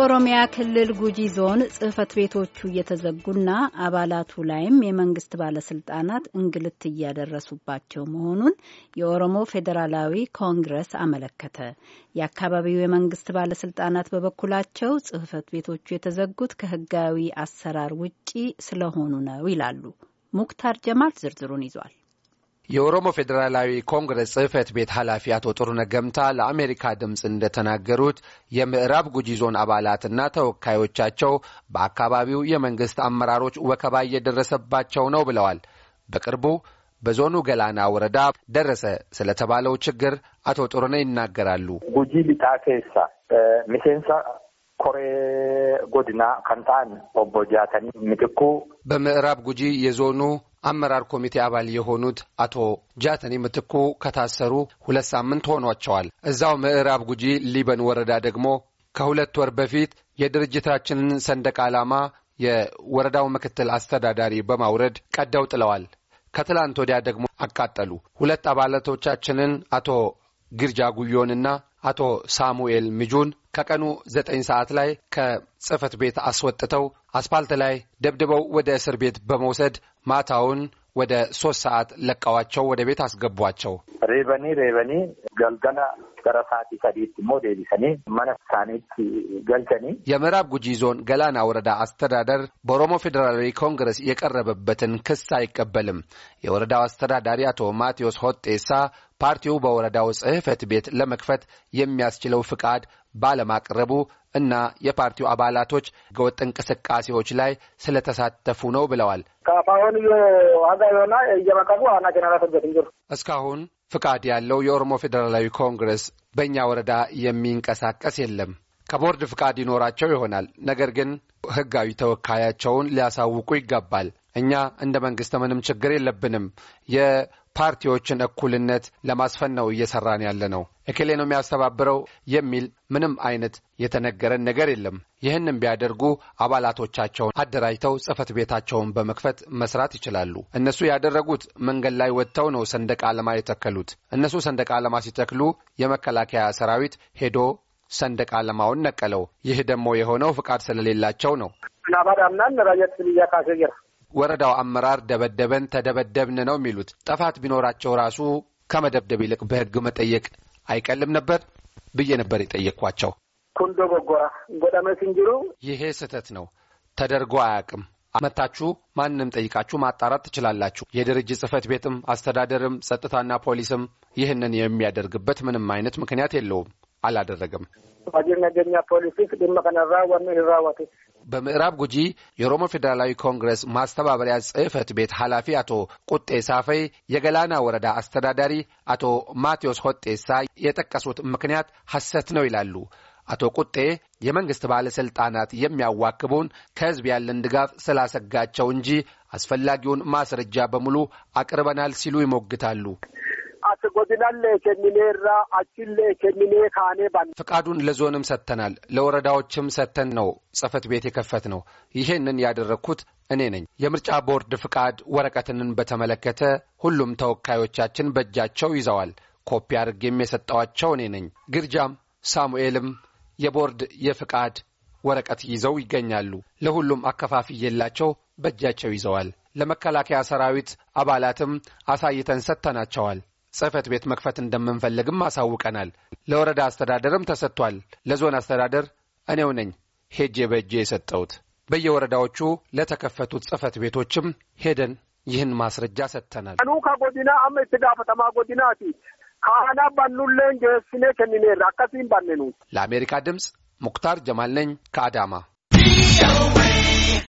የኦሮሚያ ክልል ጉጂ ዞን ጽህፈት ቤቶቹ እየተዘጉና አባላቱ ላይም የመንግስት ባለስልጣናት እንግልት እያደረሱባቸው መሆኑን የኦሮሞ ፌዴራላዊ ኮንግረስ አመለከተ። የአካባቢው የመንግስት ባለስልጣናት በበኩላቸው ጽህፈት ቤቶቹ የተዘጉት ከህጋዊ አሰራር ውጪ ስለሆኑ ነው ይላሉ። ሙክታር ጀማል ዝርዝሩን ይዟል። የኦሮሞ ፌዴራላዊ ኮንግረስ ጽህፈት ቤት ኃላፊ አቶ ጥሩነ ገምታ ለአሜሪካ ድምፅ እንደተናገሩት የምዕራብ ጉጂ ዞን አባላትና ተወካዮቻቸው በአካባቢው የመንግስት አመራሮች ወከባ እየደረሰባቸው ነው ብለዋል። በቅርቡ በዞኑ ገላና ወረዳ ደረሰ ስለተባለው ችግር አቶ ጥሩነ ይናገራሉ። ጉጂ ሊጣ ኬሳ ሚሴንሳ ኮሬ ጎድና ከንታን ኦቦ ጃተኒ ምትኩ በምዕራብ ጉጂ የዞኑ አመራር ኮሚቴ አባል የሆኑት አቶ ጃተኒ ምትኩ ከታሰሩ ሁለት ሳምንት ሆኗቸዋል። እዛው ምዕራብ ጉጂ ሊበን ወረዳ ደግሞ ከሁለት ወር በፊት የድርጅታችንን ሰንደቅ ዓላማ የወረዳው ምክትል አስተዳዳሪ በማውረድ ቀደው ጥለዋል። ከትላንት ወዲያ ደግሞ አቃጠሉ። ሁለት አባላቶቻችንን አቶ ግርጃ ጉዮንና አቶ ሳሙኤል ምጁን ከቀኑ ዘጠኝ ሰዓት ላይ ከጽህፈት ቤት አስወጥተው አስፓልት ላይ ደብድበው ወደ እስር ቤት በመውሰድ ማታውን ወደ ሶስት ሰዓት ለቀዋቸው ወደ ቤት አስገቧቸው። ሬበኒ ሬበኒ ገልገላ ገረሳቲ ሰዲት ሞ ደቢሰኒ መነሳኔት ገልገኒ የምዕራብ ጉጂ ዞን ገላና ወረዳ አስተዳደር በኦሮሞ ፌዴራላዊ ኮንግረስ የቀረበበትን ክስ አይቀበልም። የወረዳው አስተዳዳሪ አቶ ማቴዎስ ሆጤሳ ፓርቲው በወረዳው ጽህፈት ቤት ለመክፈት የሚያስችለው ፍቃድ ባለማቅረቡ እና የፓርቲው አባላቶች ህገወጥ እንቅስቃሴዎች ላይ ስለተሳተፉ ነው ብለዋል። እስካሁን ፍቃድ ያለው የኦሮሞ ፌዴራላዊ ኮንግረስ በእኛ ወረዳ የሚንቀሳቀስ የለም። ከቦርድ ፍቃድ ይኖራቸው ይሆናል። ነገር ግን ህጋዊ ተወካያቸውን ሊያሳውቁ ይገባል። እኛ እንደ መንግስት ምንም ችግር የለብንም። የፓርቲዎችን እኩልነት ለማስፈን ነው እየሰራን ያለ ነው። እክሌ ነው የሚያስተባብረው የሚል ምንም አይነት የተነገረን ነገር የለም። ይህንም ቢያደርጉ አባላቶቻቸውን አደራጅተው ጽህፈት ቤታቸውን በመክፈት መስራት ይችላሉ። እነሱ ያደረጉት መንገድ ላይ ወጥተው ነው ሰንደቅ ዓላማ የተከሉት። እነሱ ሰንደቅ ዓላማ ሲተክሉ የመከላከያ ሰራዊት ሄዶ ሰንደቅ ዓላማውን ነቀለው። ይህ ደግሞ የሆነው ፍቃድ ስለሌላቸው ነው። ወረዳው አመራር ደበደበን፣ ተደበደብን ነው የሚሉት። ጥፋት ቢኖራቸው ራሱ ከመደብደብ ይልቅ በህግ መጠየቅ አይቀልም ነበር ብዬ ነበር የጠየቅኳቸው። ኩንዶ በጓ ጎዳመ ስንጅሩ ይሄ ስህተት ነው፣ ተደርጎ አያውቅም። መታችሁ ማንም ጠይቃችሁ ማጣራት ትችላላችሁ። የድርጅት ጽህፈት ቤትም አስተዳደርም ጸጥታና ፖሊስም ይህንን የሚያደርግበት ምንም አይነት ምክንያት የለውም። አላደረገም። በምዕራብ ጉጂ የኦሮሞ ፌዴራላዊ ኮንግረስ ማስተባበሪያ ጽህፈት ቤት ኃላፊ አቶ ቁጤ ሳፈይ፣ የገላና ወረዳ አስተዳዳሪ አቶ ማቴዎስ ሆጤሳ የጠቀሱት ምክንያት ሐሰት ነው ይላሉ። አቶ ቁጤ የመንግሥት ባለሥልጣናት የሚያዋክቡን ከሕዝብ ያለን ድጋፍ ስላሰጋቸው እንጂ አስፈላጊውን ማስረጃ በሙሉ አቅርበናል ሲሉ ይሞግታሉ። ጎድናለ ከሚኔራ አችለ ከሚኔ ካኔ ባ ፍቃዱን ለዞንም ሰጥተናል፣ ለወረዳዎችም ሰጥተን ነው ጽህፈት ቤት የከፈት ነው። ይሄንን ያደረግኩት እኔ ነኝ። የምርጫ ቦርድ ፍቃድ ወረቀትንን በተመለከተ ሁሉም ተወካዮቻችን በእጃቸው ይዘዋል። ኮፒ አድርጌም የሰጠዋቸው እኔ ነኝ። ግርጃም ሳሙኤልም የቦርድ የፍቃድ ወረቀት ይዘው ይገኛሉ። ለሁሉም አከፋፍዬላቸው በእጃቸው ይዘዋል። ለመከላከያ ሰራዊት አባላትም አሳይተን ሰጥተናቸዋል። ጽህፈት ቤት መክፈት እንደምንፈልግም አሳውቀናል። ለወረዳ አስተዳደርም ተሰጥቷል። ለዞን አስተዳደር እኔው ነኝ ሄጄ በእጄ የሰጠሁት። በየወረዳዎቹ ለተከፈቱት ጽህፈት ቤቶችም ሄደን ይህን ማስረጃ ሰጥተናል። ኑካ ጎዲና አመ ጎዲና ሲ ከአና ባኑለን ጀስኔ ከኒኔር አካሲም ባነኑ ለአሜሪካ ድምፅ ሙክታር ጀማል ነኝ ከአዳማ